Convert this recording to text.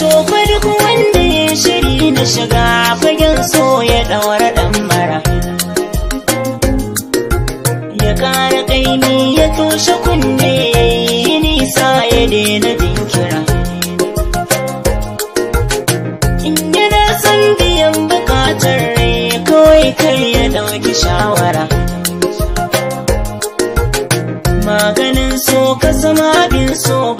to farko wanda ya shiri na shiga fagen so ya ɗawar ɗan ya ƙara ƙaimi ya toshe kunne yi nisa ya daina jinkira in yana son biyan buƙatar rai kawai kar ya ɗauki shawara maganin so ka zama abin so